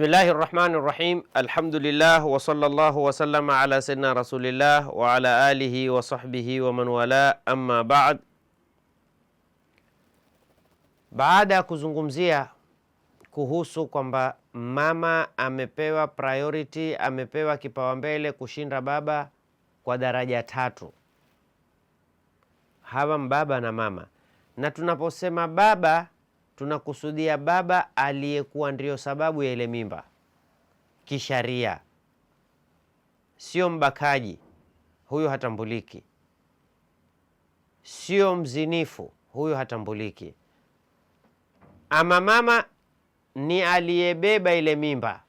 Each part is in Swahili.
Bismillahi rahmani rahim. Alhamdulillah wasala llahu wasalama sallama ala sayyidina rasulillah wa alihi wa sahbihi wa man wala. Amma ba'd, baada ya kuzungumzia kuhusu kwamba mama amepewa priority, amepewa kipaumbele kushinda baba kwa daraja tatu, hawa mbaba na mama, na tunaposema baba tunakusudia baba aliyekuwa ndiyo sababu ya ile mimba kisharia, sio mbakaji, huyo hatambuliki, sio mzinifu, huyo hatambuliki. Ama mama ni aliyebeba ile mimba,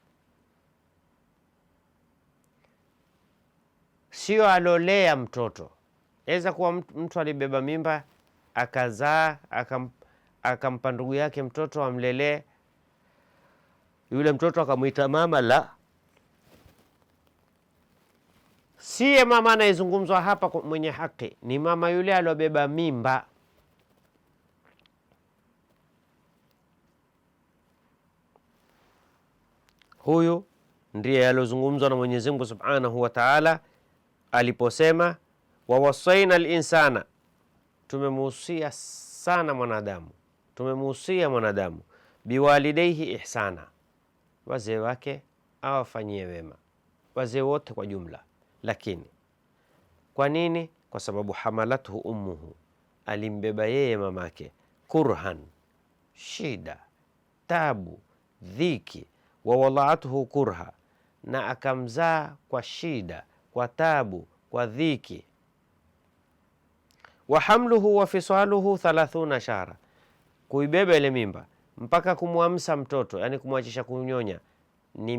sio alolea mtoto. Aweza kuwa mtu alibeba mimba akazaa akampa akampa ndugu yake mtoto amlelee. Yule mtoto akamwita mama. La, siye mama anayezungumzwa hapa mwenye haki ni mama yule aliobeba mimba. Huyu ndiye aliozungumzwa na Mwenyezi Mungu Subhanahu wa Ta'ala aliposema, wawasaina al-insana, tumemuhusia sana mwanadamu tumemuhusia mwanadamu biwalidaihi ihsana, wazee wake awafanyie wema, wazee wote kwa jumla. Lakini kwa nini? Kwa sababu hamalathu ummuhu, alimbeba yeye mamake, kurhan, shida, tabu, dhiki, wa wadaathu kurha, na akamzaa kwa shida, kwa tabu, kwa dhiki. Wa hamluhu wa fisaluhu thalathuna shahra kuibeba ile mimba mpaka kumwamsa mtoto, yani kumwachisha kunyonya ni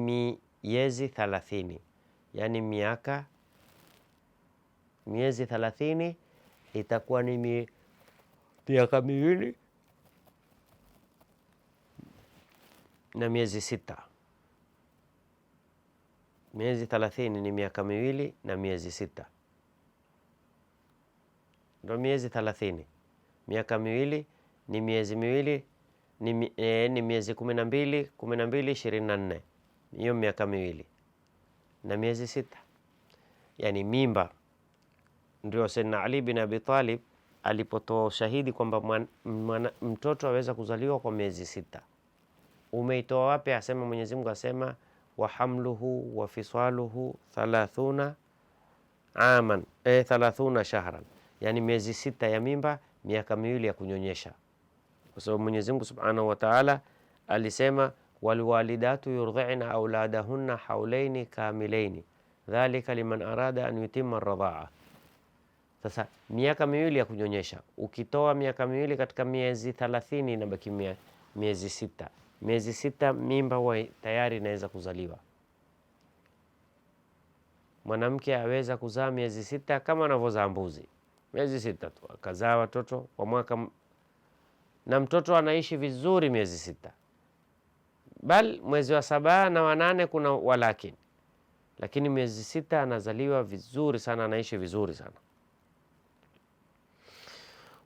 miezi thalathini, yani miaka miezi thalathini itakuwa ni miaka miwili na miezi sita. Miezi thalathini ni miaka miwili na miezi sita, ndo miezi thalathini, miaka miwili ni miezi miwili ni, eh, ni miezi kumi na mbili kumi na mbili ishirini na nne hiyo miaka miwili na miezi sita, yani mimba. Ndio Sayyidina Ali bin Abi Talib alipotoa ushahidi kwamba mtoto aweza kuzaliwa kwa miezi sita. Umeitoa wapi? Asema Mwenyezi Mungu asema wa hamluhu wa fisaluhu thalathuna aman e, thalathuna shahran, yani miezi sita ya mimba, miaka miwili ya kunyonyesha kwa sababu Mwenyezi Mungu Subhanahu wa Ta'ala alisema walwalidatu yurdhina auladahunna haulaini kamilaini dhalika liman arada an yutima radhaa. Sasa miaka miwili ya kunyonyesha, ukitoa miaka miwili katika miezi thalathini inabaki miezi sita. Miezi sita mimba huwa tayari inaweza kuzaliwa. Mwanamke aweza kuzaa miezi sita kama anavyozaa mbuzi, miezi sita tu akazaa watoto wa mwaka na mtoto anaishi vizuri miezi sita, bal mwezi wa saba na wanane kuna walakini, lakini miezi sita anazaliwa vizuri sana, anaishi vizuri sana.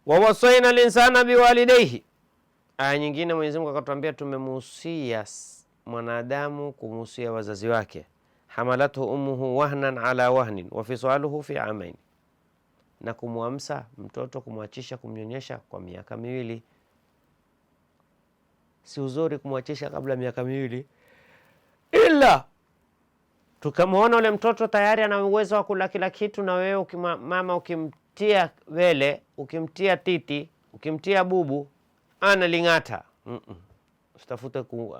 Wawasaina linsana biwalidaihi, aya nyingine mwenyezimungu akatuambia tumemuhusia mwanadamu kumuhusia wazazi wake, hamalathu umuhu wahnan ala wahnin wafisaluhu fi amain, na kumwamsa mtoto kumwachisha kumnyonyesha kwa miaka miwili si uzuri kumwachisha kabla ya miaka miwili, ila tukamwona ule mtoto tayari ana uwezo wa kula kila kitu, na wewe ukima, mama ukimtia wele, ukimtia titi, ukimtia bubu analing'ata mm -mm. Usitafute ku,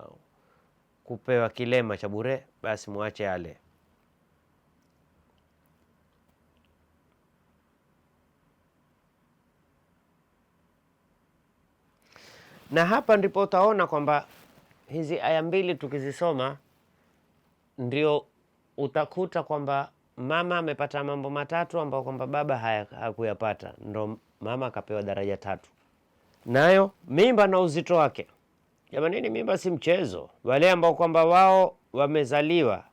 kupewa kilema cha bure, basi mwache ale. Na hapa ndipo utaona kwamba hizi aya mbili tukizisoma ndio utakuta kwamba mama amepata mambo matatu ambayo kwamba baba hakuyapata, ndo mama akapewa daraja tatu, nayo mimba na uzito wake. Jamanini, mimba si mchezo. Wale ambao kwamba wao wamezaliwa,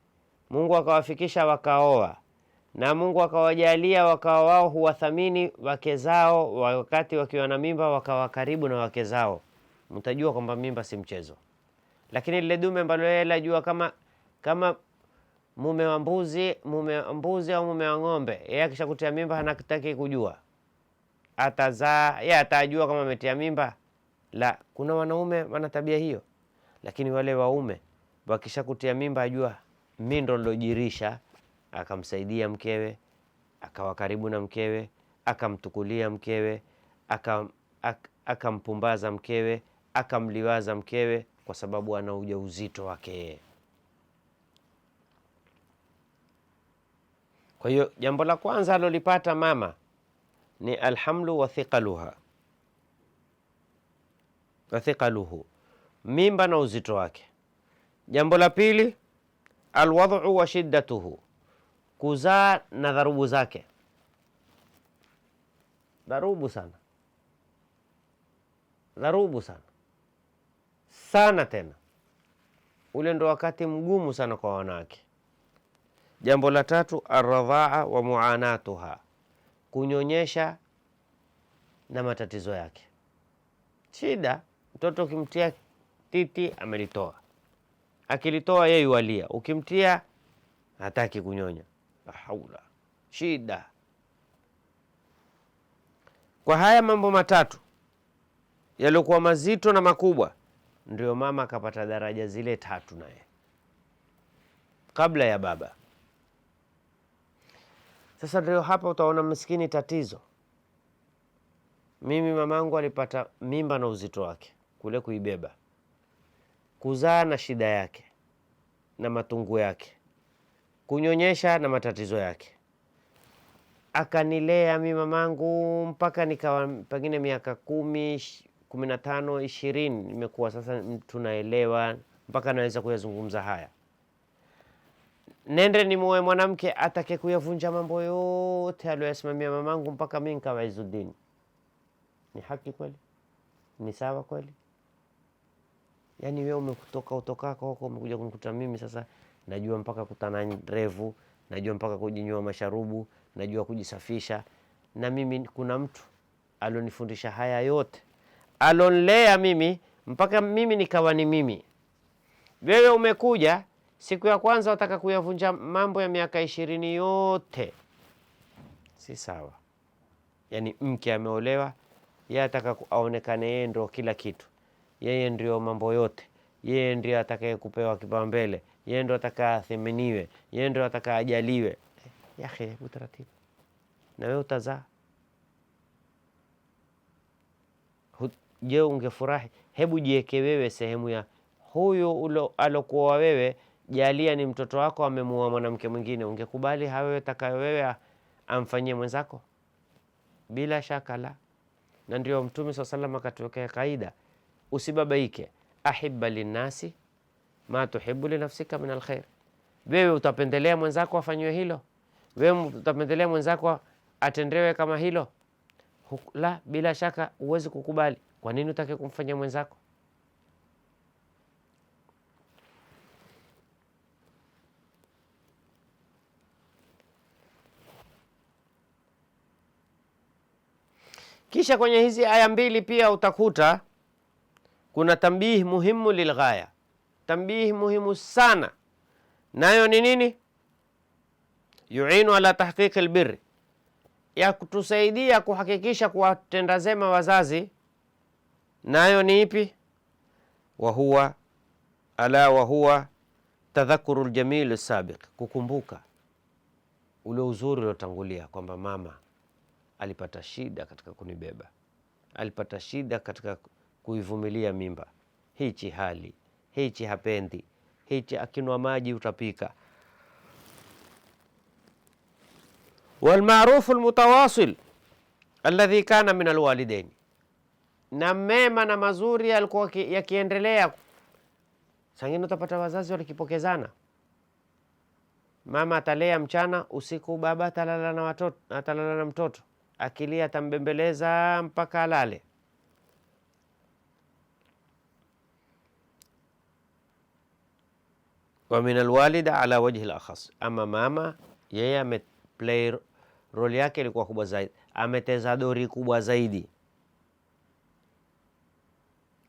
Mungu akawafikisha wakaoa, na Mungu akawajalia wakawa wao huwathamini wake zao, wakati wakiwa na mimba wakawa karibu na wake zao mtajua kwamba mimba si mchezo. Lakini lile dume ambalo yeye lajua kama kama mume wa mbuzi, mume wa mbuzi au mume wa ng'ombe, yeye akishakutia mimba hanataki kujua, atazaa yeye, atajua kama ametia mimba la. Kuna wanaume wana tabia hiyo, lakini wale waume wakishakutia mimba, ajua mimi ndo nilojirisha, akamsaidia mkewe, akawa karibu na mkewe, akamtukulia mkewe, akam, akampumbaza mkewe akamliwaza mkewe kwa sababu ana ujauzito wake yeye. Kwa hiyo jambo la kwanza alolipata mama ni alhamlu wa thiqaluha wa thiqaluhu, mimba na uzito wake. Jambo la pili alwadhu wa shiddatuhu, kuzaa na dharubu zake, dharubu sana, dharubu sana sana tena. Ule ndo wakati mgumu sana kwa wanawake. Jambo la tatu, aradhaa wa muanatuha, kunyonyesha na matatizo yake. Shida mtoto ukimtia titi amelitoa, akilitoa yeye yualia, ukimtia hataki kunyonya, la haula, shida. Kwa haya mambo matatu yaliokuwa mazito na makubwa ndio mama akapata daraja zile tatu naye kabla ya baba. Sasa ndio hapa utaona maskini tatizo. Mimi mamangu alipata mimba na uzito wake, kule kuibeba, kuzaa na shida yake na matungu yake, kunyonyesha na matatizo yake, akanilea mi mamangu mpaka nikawa pengine miaka kumi kumi na tano ishirini imekuwa sasa tunaelewa mpaka naweza kuyazungumza haya. Nende ni muoe mwanamke atake kuyavunja mambo yote aliyoyasimamia mamangu mpaka mimi nikawa Izzuddin. Ni haki kweli? Ni sawa kweli? Yaani wewe umekutoka utokako huko umekuja kunikuta mimi sasa najua mpaka kutana revu, najua mpaka kujinywa masharubu, najua kujisafisha, na mimi kuna mtu alionifundisha haya yote alonlea mimi mpaka mimi nikawa ni mimi. Wewe umekuja siku ya kwanza wataka kuyavunja mambo ya miaka ishirini yote, si sawa. Yani mke ameolewa, yeye ataka aonekane yeye ndio kila kitu, yeye ndio mambo yote, yeye ndio atakaye kupewa kipaumbele, yeye ndio ataka athiminiwe yeye ndio ataka ajaliwe. Eh, Yahe, utaratibu na wewe utazaa Je, ungefurahi? Hebu jiweke wewe sehemu ya huyu alokuoa wewe, jalia ni mtoto wako amemuoa mwanamke mwingine, ungekubali hawewe takayo wewe amfanyie mwenzako? Bila shaka la. Na ndio Mtume swalla salama akatuwekea kaida, usibabaike, ahibba linnasi ma tuhibu linafsika min alkhair. Wewe utapendelea mwenzako afanyiwe hilo? Wewe utapendelea mwenzako atendewe kama hilo? La, bila shaka huwezi kukubali. Kwa nini utake kumfanyia mwenzako? Kisha kwenye hizi aya mbili pia utakuta kuna tambihi muhimu lilghaya, tambihi muhimu sana, nayo ni nini? yuinu ala tahqiqi lbiri ya kutusaidia kuhakikisha kuwatenda zema wazazi nayo ni ipi? Wahuwa ala wahuwa tadhakuru ljamili sabiq, kukumbuka ule uzuri uliotangulia, kwamba mama alipata shida katika kunibeba, alipata shida katika kuivumilia mimba. Hichi hali hichi hapendi, hichi akinwa maji utapika. Walmarufu lmutawasil alladhi kana min alwalidain na mema na mazuri yalikuwa yakiendelea. Sangine utapata wazazi walikipokezana, mama atalea mchana, usiku baba atalala na watoto, atalala na mtoto akilia, atambembeleza mpaka alale. wa min alwalida ala wajhi lakhas, ama mama yeye play role yake ilikuwa kubwa zaidi, ameteza dori kubwa zaidi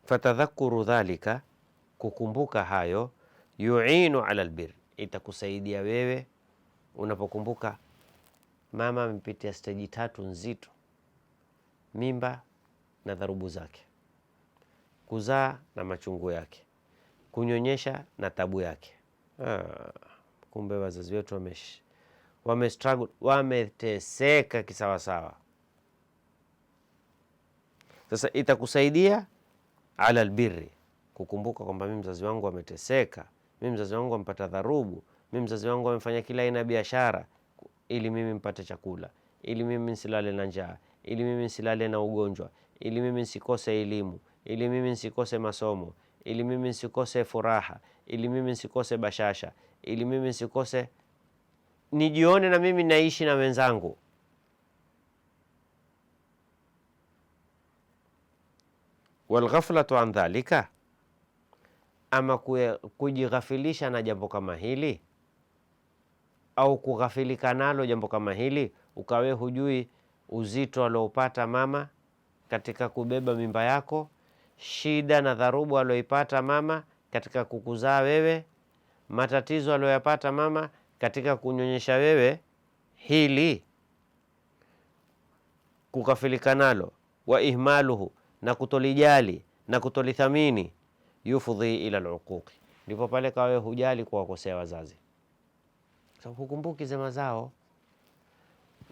fatadhakuru dhalika, kukumbuka hayo, yuinu ala lbir itakusaidia wewe unapokumbuka. Mama amepitia steji tatu nzito: mimba na dharubu zake, kuzaa na machungu yake, kunyonyesha na tabu yake. Ah, kumbe wazazi wetu wame wame wameteseka kisawasawa. Sasa itakusaidia ala lbiri kukumbuka kwamba mimi mzazi wangu ameteseka, mimi mzazi wangu amepata dharubu, mimi mzazi wangu amefanya kila aina ya biashara ili mimi mpate chakula, ili mimi nsilale na njaa, ili mimi nsilale na ugonjwa, ili mimi nsikose elimu, ili mimi nsikose masomo, ili mimi nsikose furaha, ili mimi nsikose bashasha, ili mimi nsikose nijione na mimi naishi na wenzangu walghaflatu an dhalika, ama kujighafilisha na jambo kama hili au kughafilika nalo jambo kama hili, ukawe hujui uzito alioupata mama katika kubeba mimba yako, shida na dharubu alioipata mama katika kukuzaa wewe, matatizo aliyoyapata mama katika kunyonyesha wewe, hili kughafilika nalo wa ihmaluhu na kutolijali na kutolithamini, yufudhi ila luquqi, ndipo pale kawe hujali kuwakosea wazazi, sababu hukumbuki zema zao.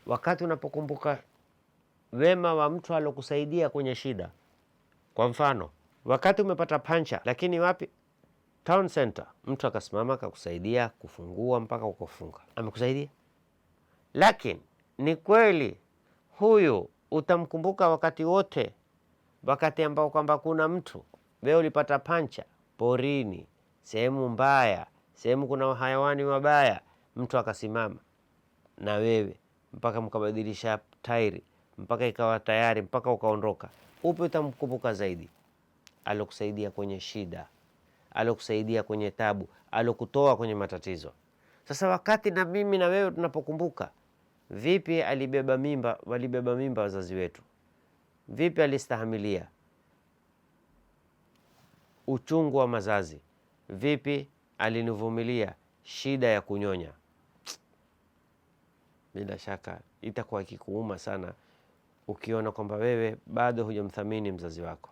Wakati unapokumbuka wema wa mtu alokusaidia kwenye shida, kwa mfano wakati umepata pancha, lakini wapi town center, mtu akasimama akakusaidia kufungua mpaka ukofunga, amekusaidia. Lakini ni kweli huyu utamkumbuka wakati wote wakati ambao kwamba kuna mtu wewe ulipata pancha porini, sehemu mbaya, sehemu kuna hayawani wabaya, mtu akasimama na wewe mpaka mkabadilisha tairi mpaka ikawa tayari mpaka ukaondoka, upi utamkumbuka zaidi alokusaidia kwenye shida, alokusaidia kwenye tabu, alokutoa kwenye matatizo. Sasa wakati na mimi na wewe tunapokumbuka, vipi alibeba mimba, walibeba mimba wazazi wetu Vipi alistahimilia uchungu wa mazazi? Vipi alinivumilia shida ya kunyonya? Bila shaka itakuwa ikikuuma sana ukiona kwamba wewe bado hujamthamini mzazi wako,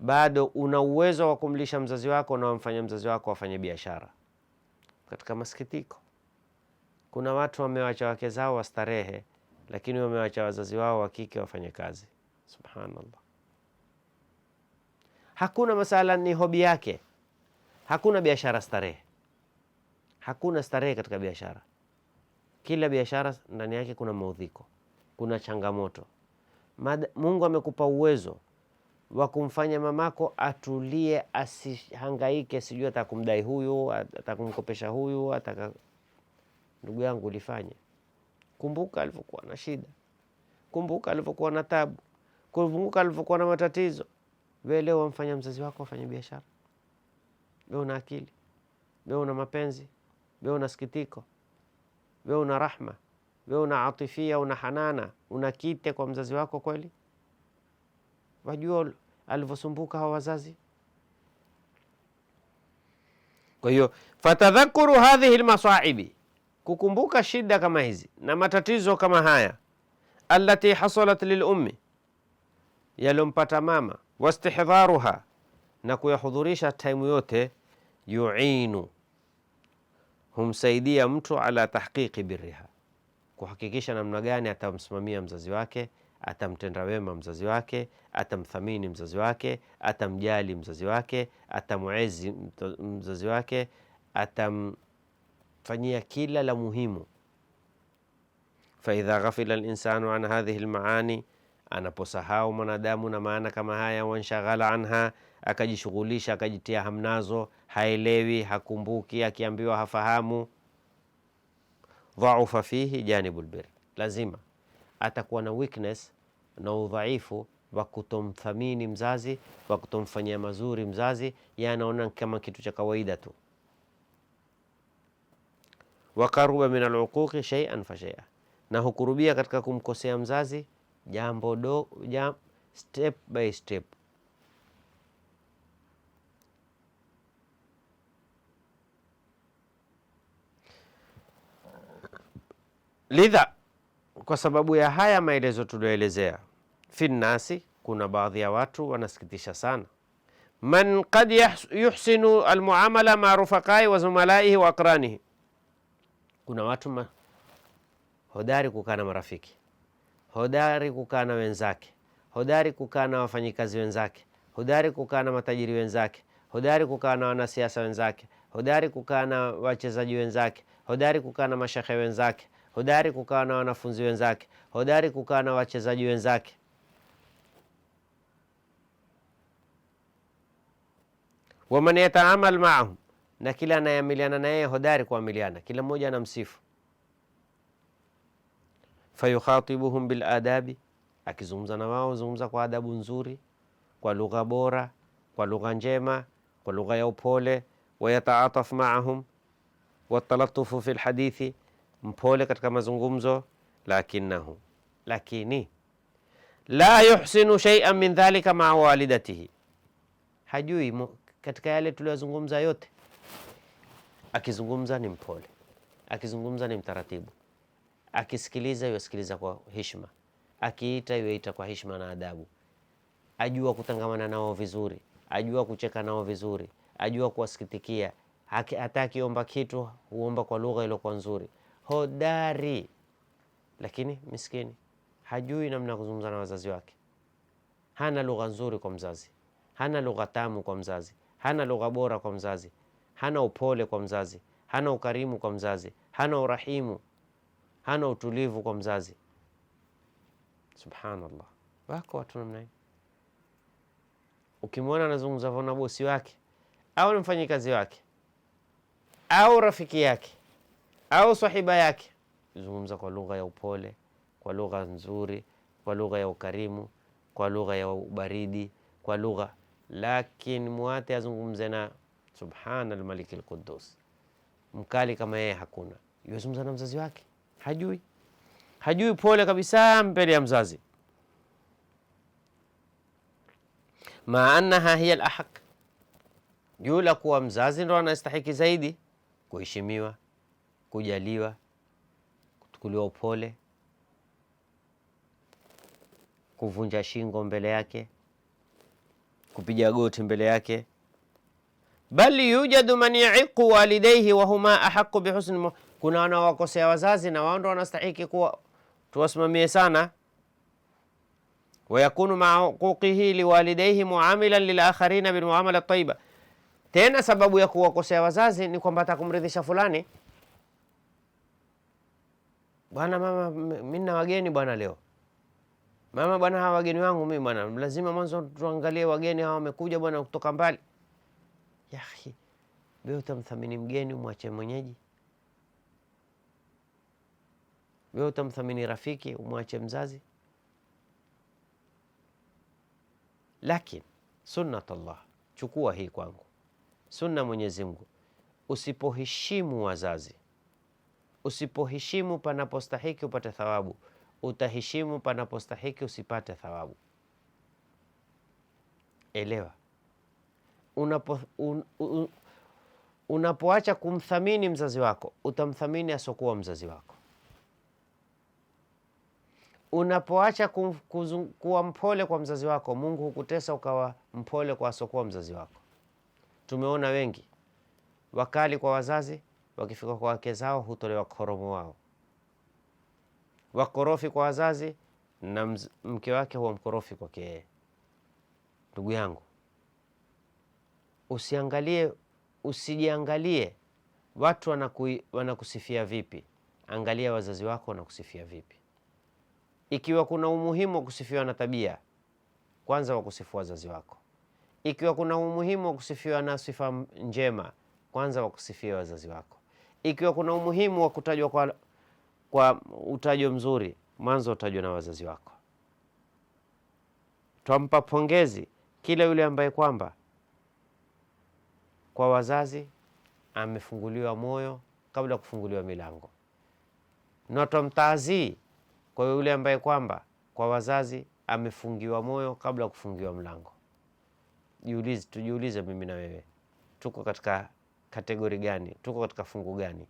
bado una uwezo wa kumlisha mzazi wako na wamfanya mzazi wako wafanye biashara. Katika masikitiko, kuna watu wamewacha wake zao wastarehe, lakini wamewacha wazazi wao wa kike wafanye kazi. Subhanallah, hakuna masala ni hobi yake, hakuna biashara starehe, hakuna starehe katika biashara. Kila biashara ndani yake kuna maudhiko, kuna changamoto. Mungu amekupa uwezo wa kumfanya mamako atulie, asihangaike, sijui atakumdai huyu, atakumkopesha huyu, ataka ndugu yangu ulifanye. Kumbuka alivyokuwa na shida, kumbuka alivyokuwa na tabu kumbuka alivyokuwa na matatizo. Wewe leo wamfanya mzazi wako wafanya biashara? we una akili? we una mapenzi? we una sikitiko? we una rahma? we una atifia? Una hanana? Una kite kwa mzazi wako kweli? Wajua alivyosumbuka hawa wazazi. Kwa hiyo fatadhakuru hadhihi lmasaibi, kukumbuka shida kama hizi na matatizo kama haya, allati hasalat lilummi yaliompata mama, wastihdharuha, na kuyahudhurisha taimu yote, yuinu, humsaidia mtu ala tahqiqi birriha, kuhakikisha namna gani atamsimamia mzazi wake, atamtenda wema mzazi wake, atamthamini mzazi wake, atamjali mzazi wake, atamuezi mzazi wake, atamfanyia kila la muhimu. Faidha ghafila linsanu an hadhihi lmaani Anaposahau mwanadamu na maana kama haya, wanshaghala anha, akajishughulisha akajitia hamnazo, haelewi, hakumbuki, akiambiwa hafahamu, dhaufa fihi janibul bir, lazima atakuwa na weakness na udhaifu wa kutomthamini mzazi, wa kutomfanyia mazuri mzazi, yanaona yaani kama kitu cha kawaida tu. Wakaruba min aluquqi shay'an fa shay'a, na hukurubia katika kumkosea mzazi jambo do, jam, step by step. Lidha, kwa sababu ya haya maelezo tulioelezea, finnasi, kuna baadhi ya watu wanasikitisha sana man qad yuhsinu almuamala ma rufaqai wa zumalaihi wa aqranihi, kuna watu ma hodari kukaa na marafiki hodari kukaa na wenzake, hodari kukaa na wafanyikazi wenzake, hodari kukaa na matajiri wenzake, hodari kukaa na wanasiasa wenzake, hodari kukaa na wachezaji wenzake, hodari kukaa na mashehe wenzake, hodari kukaa na wanafunzi wenzake, hodari kukaa na wachezaji wenzake. Waman yataamal maahum, na kila anayeamiliana na yeye hodari kuamiliana, kila mmoja anamsifu fayukhatibuhum biladabi akizungumza na wao zungumza kwa adabu nzuri, kwa lugha bora, kwa lugha njema, kwa lugha ya upole. Wayataataf maahum watalatufu fi lhadithi, mpole katika mazungumzo. Lakinahu, lakini la yuhsinu shay'an min dhalika maa walidatihi, hajui katika yale tuliyozungumza yote, akizungumza ni mpole, akizungumza ni mtaratibu Akisikiliza yuasikiliza kwa heshima, akiita yuaita kwa heshima na adabu, ajua kutangamana nao vizuri, ajua kucheka nao vizuri, ajua kuwasikitikia. Hata akiomba kitu huomba kwa lugha iliyokuwa nzuri, hodari. Lakini miskini hajui namna ya kuzungumza na wazazi wake, hana lugha nzuri kwa mzazi, hana lugha tamu kwa mzazi, hana lugha bora kwa mzazi, hana upole kwa mzazi, hana ukarimu kwa mzazi, hana urahimu hana utulivu kwa mzazi. Subhanallah, wako watu namna hii. Ukimwona anazungumza na bosi wake au ni mfanyikazi wake au rafiki yake au sahiba yake, zungumza kwa lugha ya upole, kwa lugha nzuri, kwa lugha ya ukarimu, kwa lugha ya ubaridi, kwa lugha lakini muate azungumze na subhana almalik alquddus, mkali kama yeye hakuna. Yuzungumza na mzazi wake hajui, hajui. Pole kabisa mbele ya mzazi, ma annaha hiya lahaq juu la kuwa mzazi ndo anastahiki zaidi kuheshimiwa, kujaliwa, kuchukuliwa upole, kuvunja shingo mbele yake, kupiga goti mbele yake, bal yujadu man ya'iqu walidayhi wa huma ahaqu bihusni kuna wanaowakosea wazazi na wao ndo wanastahiki kuwa tuwasimamie sana. Wayakunu maa huquqihi liwalidaihi muamilan lilakharina bilmuamala taiba. Tena sababu ya kuwakosea wazazi ni kwamba atakumridhisha fulani, bwana mama, mimi na wageni bwana leo mama bwana, hawa wageni wangu mimi bwana, lazima mwanzo tuangalie wageni hawa wamekuja bwana kutoka mbali. Yahi, wewe utamthamini mgeni, umwache mwenyeji? Wewe utamthamini rafiki umwache mzazi? Lakini sunnatullah, chukua hii kwangu, sunna Mwenyezi Mungu, usipoheshimu wazazi, usipoheshimu panapostahiki upate thawabu, utaheshimu panapostahiki usipate thawabu. Elewa, unapo un, un, unapoacha kumthamini mzazi wako utamthamini asokuwa mzazi wako unapoacha kuwa mpole kwa mzazi wako, Mungu hukutesa ukawa mpole kwa asokuwa mzazi wako. Tumeona wengi wakali kwa wazazi, wakifika kwa wake zao hutolewa koromo wao, wakorofi kwa wazazi na mke wake huwa mkorofi kwake Ndugu yangu, usiangalie, usijiangalie watu wanakusifia vipi, angalia wazazi wako wanakusifia vipi. Ikiwa kuna umuhimu wa kusifiwa na tabia, kwanza wakusifia wazazi wako. Ikiwa kuna umuhimu wa kusifiwa na sifa njema, kwanza wakusifia wazazi wako. Ikiwa kuna umuhimu wa kutajwa kwa, kwa utajwa mzuri, mwanzo utajwa na wazazi wako. Twampa pongezi kila yule ambaye kwamba kwa wazazi amefunguliwa moyo kabla ya kufunguliwa milango, na twamtaazii kwa hiyo yule ambaye kwamba kwa wazazi amefungiwa moyo kabla ya kufungiwa mlango, jiulize, tujiulize mimi na wewe, tuko katika kategori gani? Tuko katika fungu gani?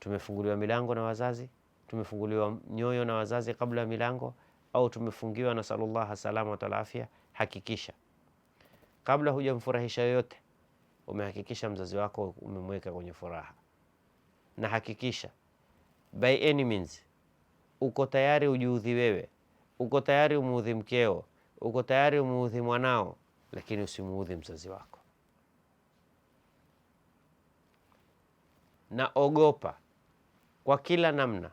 Tumefunguliwa milango na wazazi? Tumefunguliwa nyoyo na wazazi kabla ya milango, au tumefungiwa? Na sallallahu salama wa afya. Hakikisha kabla hujamfurahisha yoyote, umehakikisha mzazi wako umemweka kwenye furaha, na hakikisha by any means uko tayari ujiudhi wewe, uko tayari umuudhi mkeo, uko tayari umuudhi mwanao, lakini usimuudhi mzazi wako. Na ogopa kwa kila namna,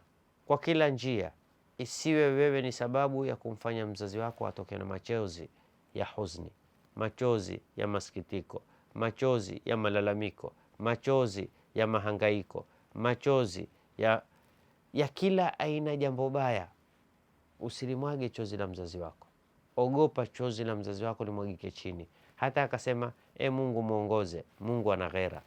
kwa kila njia, isiwe wewe ni sababu ya kumfanya mzazi wako atoke na machozi ya huzni machozi ya masikitiko, machozi ya malalamiko, machozi ya mahangaiko, machozi ya ya kila aina jambo baya, usilimwage chozi la mzazi wako. Ogopa chozi la mzazi wako limwagike chini. Hata akasema e, Mungu mwongoze. Mungu ana ghera,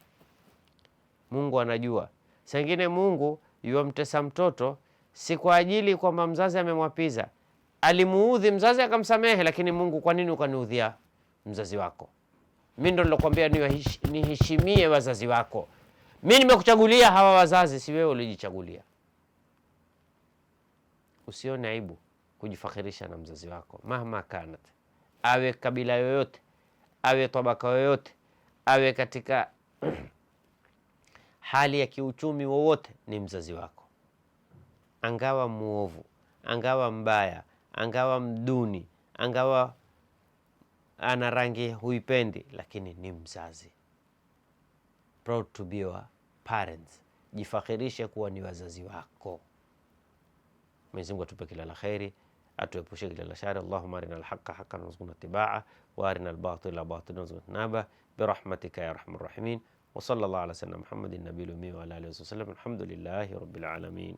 Mungu anajua. Sengine Mungu yuwamtesa mtoto si kwa ajili kwamba mzazi amemwapiza, alimuudhi mzazi akamsamehe, lakini Mungu, kwa nini ukaniudhia mzazi wako? Mi ndo nilokwambia niheshimie wazazi wako, mi nimekuchagulia hawa wazazi, si wewe ulijichagulia usione aibu kujifakhirisha na mzazi wako, mahma kanat, awe kabila yoyote, awe tabaka yoyote, awe katika hali ya kiuchumi wowote, ni mzazi wako, angawa mwovu, angawa mbaya, angawa mduni, angawa ana rangi huipendi, lakini ni mzazi. Proud to be your parents, jifakhirishe kuwa ni wazazi wako. Mwenyezi Mungu atupe kila la kheri, atuepushe kila la shari. Allahumma arina alhaqa haqqan warzuqna ittibaa wa arina albatila batilan warzuqna ijtinaba birahmatika ya arhamar rahimin wa sallallahu ala sayyidina Muhammadin nabiyil ummi wa ala alihi wasallam. Alhamdulillahi rabbil alamin.